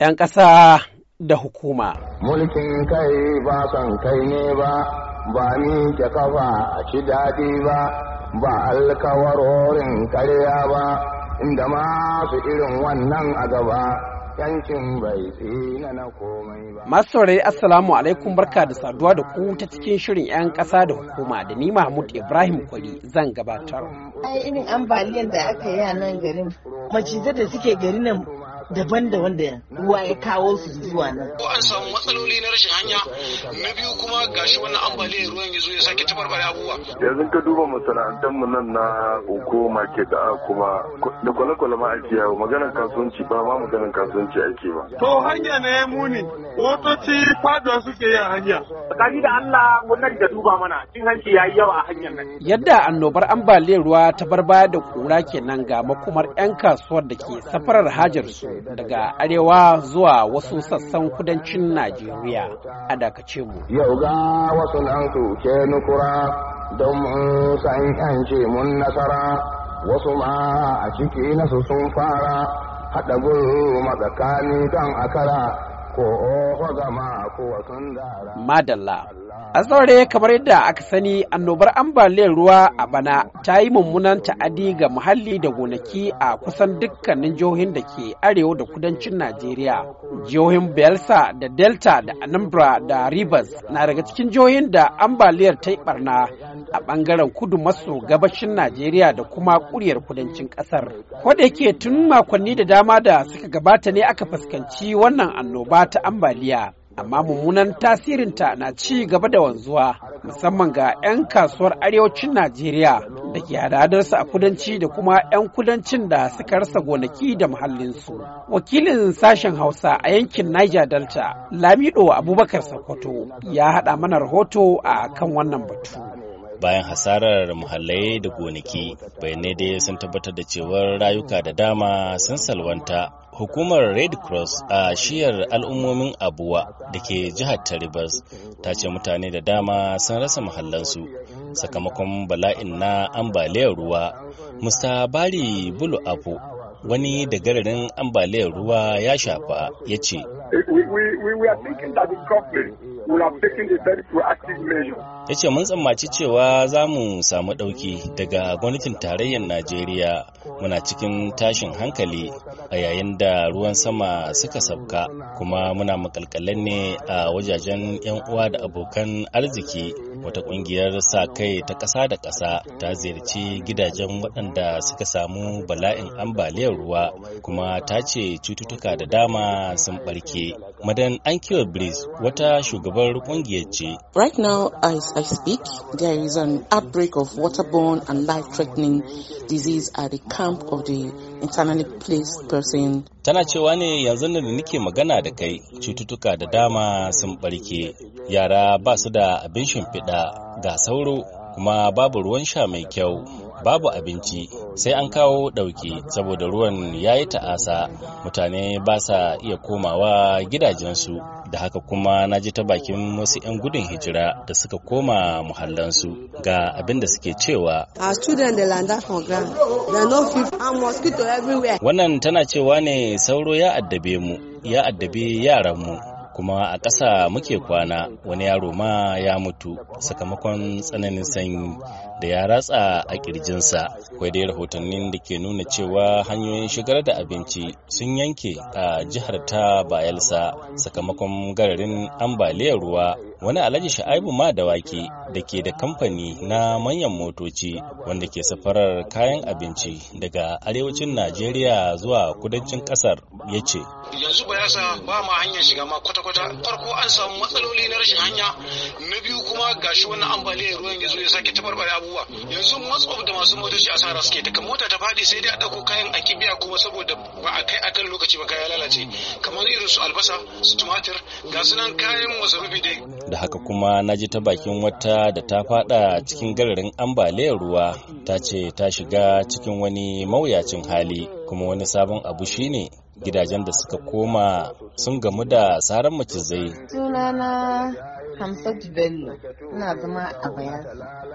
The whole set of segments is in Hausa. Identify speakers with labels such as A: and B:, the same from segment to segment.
A: 'yan ƙasa da hukuma.
B: Mulkin kai ba son kai ne ba, ba ni ke kafa a ci daɗi ba, ba alkawarorin karya ba, inda masu irin wannan a gaba. yankin
A: bai tsina ba. Masu saurari Assalamu alaikum barka da saduwa da ku ta cikin shirin 'yan ƙasa da hukuma da ni Mahmud Ibrahim Kwali zan gabatar.
C: Ai irin ambaliyar da aka yi a nan garin macizar da suke garin nan daban da wanda ruwa ya kawo su zuwa nan. Ko
B: an samu matsaloli na rashin hanya na biyu kuma gashi wannan
C: ambaliyar ruwan ya zo ya sake tabarbare abubuwa.
B: Yanzu ka duba mu nan na Oko Market kuma da kwale-kwale ma ake yawo maganar kasuwanci ba ma maganar kasuwanci ake ba. To hanya ne ya muni motoci faduwa suke yin hanya. Tsakani da Allah wannan da duba mana cin hanci ya yi yawa a hanyar nan.
A: Yadda annobar ambaliyar ruwa ta barbaya da kura kenan ga makomar 'yan kasuwar da ke safarar hajar su daga arewa zuwa wasu sassan kudancin Najeriya a dakace mu. Yau ga wasu
B: nan ke nukura don mun san yanci mun nasara wasu ma a ciki nasu sun fara haɗa gulu matsakani kan akara
A: Madalla. A kamar yadda aka sani annobar ambaliyar ruwa a bana ta yi mummunan ta'adi ga muhalli da gonaki a kusan dukkanin jihohin da ke arewa da kudancin Najeriya. Jihohin Belsa da Delta da Anambra da Rivers na daga cikin jihohin da ambaliyar ta yi barna a bangaren kudu maso gabashin Najeriya da kuma kuryar kudancin kasar. Kodayake tun makonni da dama da suka gabata ne aka fuskanci wannan annoba ta ambaliya amma mummunan tasirinta na ci gaba da wanzuwa musamman ga 'yan kasuwar arewacin najeriya da ke hadadarsa a kudanci da kuma 'yan kudancin da suka rasa gonaki da muhallinsu wakilin sashen hausa a yankin niger delta lamido abubakar sokoto ya hada mana rahoto a kan wannan batu
C: bayan hasarar muhallai da gonaki bayanai dai sun tabbatar da cewar rayuka da dama sun salwanta Hukumar Red Cross a shiyar al'ummomin Abuwa da ke jihar Taribas ta ce mutane da dama sun rasa mahallansu sakamakon bala'in na ambaliyar ruwa. Musta Bari Bulu Apo wani da gararin ambaliyar ruwa ya shafa ya ce. Ya ce mun tsammaci cewa za mu samu ɗauki daga gwamnatin tarayyar Najeriya muna cikin tashin hankali a yayin da ruwan sama suka sabka kuma muna makalkalan ne a wajajen 'yan uwa da abokan arziki wata kungiyar sa kai ta ƙasa da ƙasa ta ziyarci gidajen waɗanda suka samu bala'in ambaliyar ruwa kuma ta ce cututtuka da dama sun barke madan an kiwa breeze wata shugabar kungiyar ce
A: right now as i speak there is an outbreak of waterborne and life-threatening disease at the camp of the internally placed person
C: tana cewa ne yanzu da nake magana da kai cututtuka da dama sun barke yara ba su da abin shimfiɗa da ga sauro kuma babu ruwan sha mai kyau babu abinci sai an kawo ɗauki saboda ruwan ya yi ta'asa mutane ba sa iya komawa gidajensu da haka kuma na ji ta bakin wasu 'yan gudun hijira da suka koma muhallansu ga abin da suke cewa wannan tana cewa ne sauro ya addabe mu ya addabe yaran mu. kuma a ƙasa muke kwana wani yaro ma ya mutu sakamakon tsananin sanyi da ya ratsa a ƙirjinsa kwai dai rahotannin da ke nuna cewa hanyoyin shigar da abinci sun yanke a jihar ta bayelsa sakamakon gararin ambaliyar ruwa wani alhaji sha'aibu ma da wake da ke da kamfani na manyan motoci wanda ke safarar kayan abinci daga arewacin najeriya zuwa kudancin kasar ya ce
A: yanzu ba yasa ba ma hanyar shiga ma kwata-kwata farko an samu matsaloli na rashin hanya na biyu kuma gashi wannan ambaliyar ruwan ya zo ya sake tabarbare abubuwa yanzu matsof da masu motoci a asara suke daga mota ta fadi sai dai a ɗauko kayan a kibiya kuma saboda ba a kai akan lokaci ba kaya lalace kamar irin su albasa su tumatir ga sunan kayan masarufi dai
C: da haka kuma na ji ta bakin wata da ta fada cikin gararin ambaliyar ruwa ta ce ta shiga cikin wani mawuyacin hali kuma wani sabon abu shine gidajen da suka koma sun gamu da tsarin macizai sunana Hamsatu bello ina zama a bayan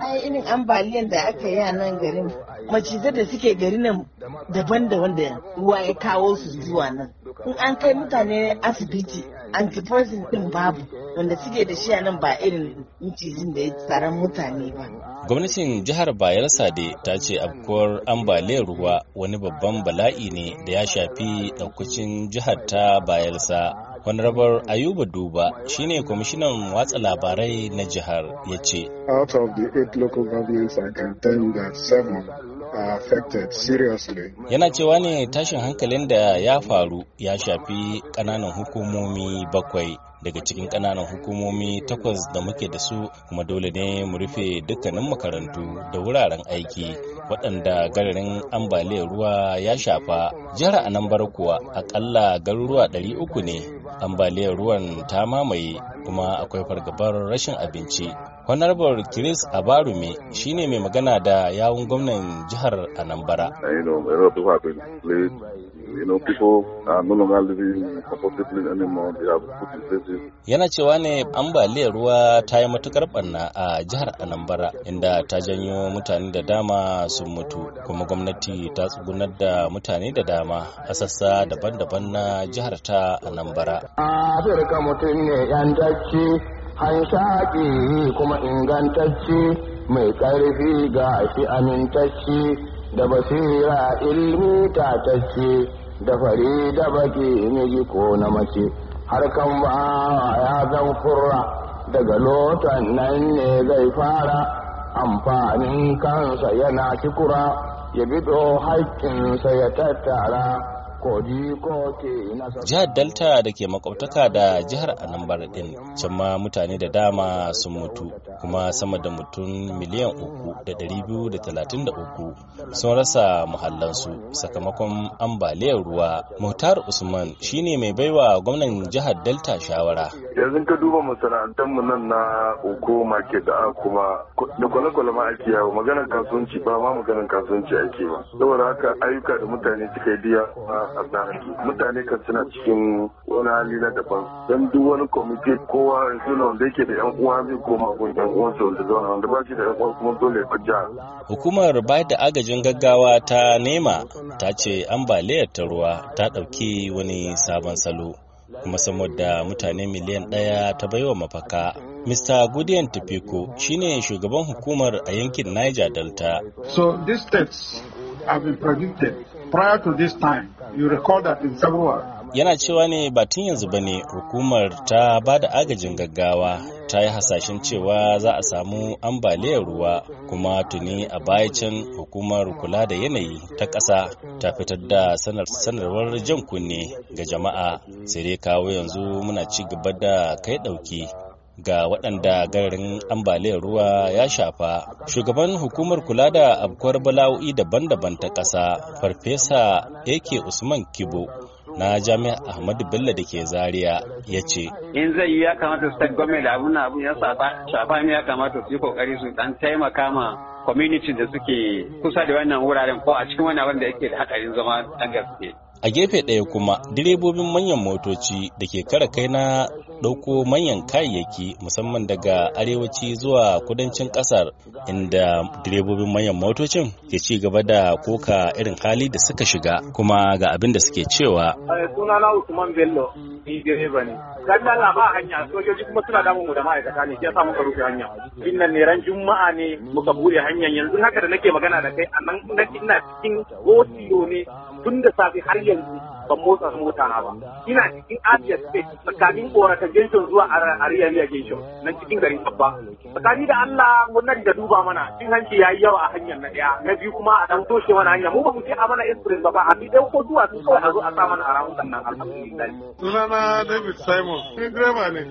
C: ai irin ambaliyar da aka yi a nan garin macizai da suke gari nan daban da wanda ruwa ya kawo su zuwa nan in an kai mutane asibiti antipoison din babu wanda suke da shi a nan ba irin mucijin da ya tsaron mutane ba. Gwamnatin jihar Bayar Sade ta ce afkuwar ambaliyar ruwa wani babban bala'i ne da ya shafi ɗaukacin jihar ta Bayelsa. Honorable Ayuba Duba shine kwamishinan watsa labarai na jihar ya ce.
B: Out of the eight local governments, I can tell you that seven
C: Yana cewa ne tashin hankalin da ya faru ya shafi ƙananan hukumomi bakwai daga cikin ƙananan hukumomi takwas da muke da su kuma dole ne mu rufe dukkanin makarantu da wuraren aiki waɗanda gararin ambaliyar ruwa ya shafa jihar anambar kuwa akalla garuruwa ɗari uku ne ambaliyar ruwan ta mamaye kuma akwai fargabar rashin abinci honorable chris abarume shine mai magana da yawun gwamnan jihar anambra yana cewa ne ambaliyar ruwa ta yi matukar barna a jihar anambra inda ta janyo mutane da dama sun mutu kuma gwamnati ta tsugunar da mutane da dama a sassa daban-daban na jihar ta anambra
B: a mutum ne hanshaƙi kuma ingantacci mai ƙarfi ga shi amintacci da basira ilmi tatacce da fari da baki miji ko na mace Har kan ba ya zan furra daga lotan nan ne zai fara amfanin kansa yana cikura ya bido haƙƙinsa ya tattara Jihar
C: Delta da ke makwabtaka da jihar Anambra din can ma mutane da dama sun mutu kuma sama da mutum miliyan uku da dari biyu da talatin da uku sun rasa muhallansu sakamakon ambaliyar ruwa. Muhtar Usman shine mai baiwa gwamnan jihar Delta shawara.
B: Yanzu ka duba masana'antarmu nan na Oko Market da kuma da kwale-kwale ma ake yawo maganar kasuwanci ba ma maganar kasuwanci ake ba. Saboda haka ayyuka da mutane suka yi biya mutane kan suna cikin wani hali na daban don duk wani kwamiti kowa suna wanda yake da yan uwa zai koma gun yan su wanda zauna wanda ba shi da yan uwa kuma dole ya fajja.
C: hukumar ba da agajin gaggawa ta nema ta ce ambaliyar ta ruwa ta ɗauki wani sabon salo kuma saboda mutane miliyan ɗaya ta baiwa mafaka Mr. Gudian Tufiko shine shugaban hukumar a yankin Niger Delta.
A: So these states have been predicted prior to this time
C: Yana cewa ne ba tun yanzu ba ne hukumar ta ba da agajin gaggawa ta yi hasashen cewa za a samu ambaliyar ruwa kuma tuni a baya can hukumar kula da yanayi ta ƙasa ta fitar da sanarwar jan kunne ga jama'a sai dai kawo yanzu muna ci gaba da kai ɗauki ga waɗanda garin ambaliyar ruwa ya shafa shugaban hukumar kula da abkuwar bala'o'i daban-daban ta ƙasa farfesa ak usman kibo na Jami'a ahmadu bello da ke Zariya ya ce
A: in zai yi ya kamata su gwamnati abu na abu ya shafa ne ya kamata su yi kokari su dan taimaka ma community da suke kusa da wannan wuraren ko a cikin wani abin da yake da haɗarin zama dan gaske
C: a gefe ɗaya kuma direbobin manyan motoci da ke kara kai na ɗauko manyan kayayyaki musamman daga arewaci zuwa kudancin ƙasar inda direbobin manyan motocin ke ci gaba da koka irin hali da suka shiga kuma ga abin da suke cewa
B: eh, sunana usman bello ni direba ne dan Allah ba hanya sojoji kuma suna damun mu da ma'aikata ne sai sa muka rufe hanya innan ne ran juma'a ne muka bude hanyar yanzu haka da nake magana da kai a nan ina cikin hotiyo ne tun da safe har yanzu ban motsa mota na ba ina cikin Asia State tsakanin ta Junction zuwa Ariya Riya Junction nan cikin garin Abba tsakani da Allah wannan da duba mana cin hanci ya yi yawa a hanyar na daya na biyu kuma a dan toshe mana hanya mu ba mu ce a mana express ba ba a bi dai zuwa sun kawai a zo a sa mana a ramu sannan alhamdulillah sunana David Simon ni direba ne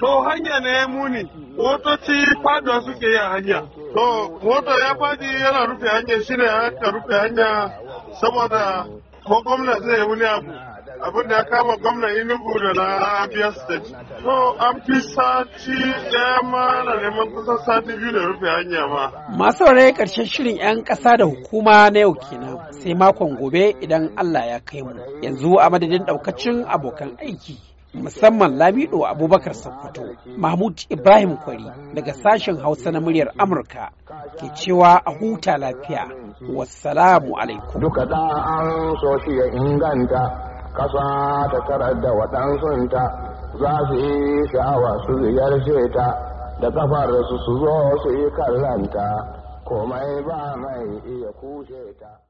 B: to hanya ne muni motoci faduwa suke yi a hanya to motar ya faɗi yana rufe hanya shine aka rufe hanya saboda ko gwamna zai wuni abu abin da ya kama gwamna inugu da na abia state so an fi sati daya ma na neman kusan sati biyu da rufe hanya ma
A: masu ya karshen shirin yan kasa da hukuma na yau kenan sai makon gobe idan allah ya kai mu yanzu a madadin daukacin abokan aiki musamman Lamido Abubakar Sokoto, Mahmud Ibrahim Kwari daga sashen Hausa na muryar Amurka ke cewa a huta lafiya. Wassalamu alaikum.
B: Duka da an so shi ya inganta, kasa ta tarar da waɗansunta za su yi sha'awa su ziyarce ta da kafar su su zo su yi kallanta, komai ba mai iya kushe ta.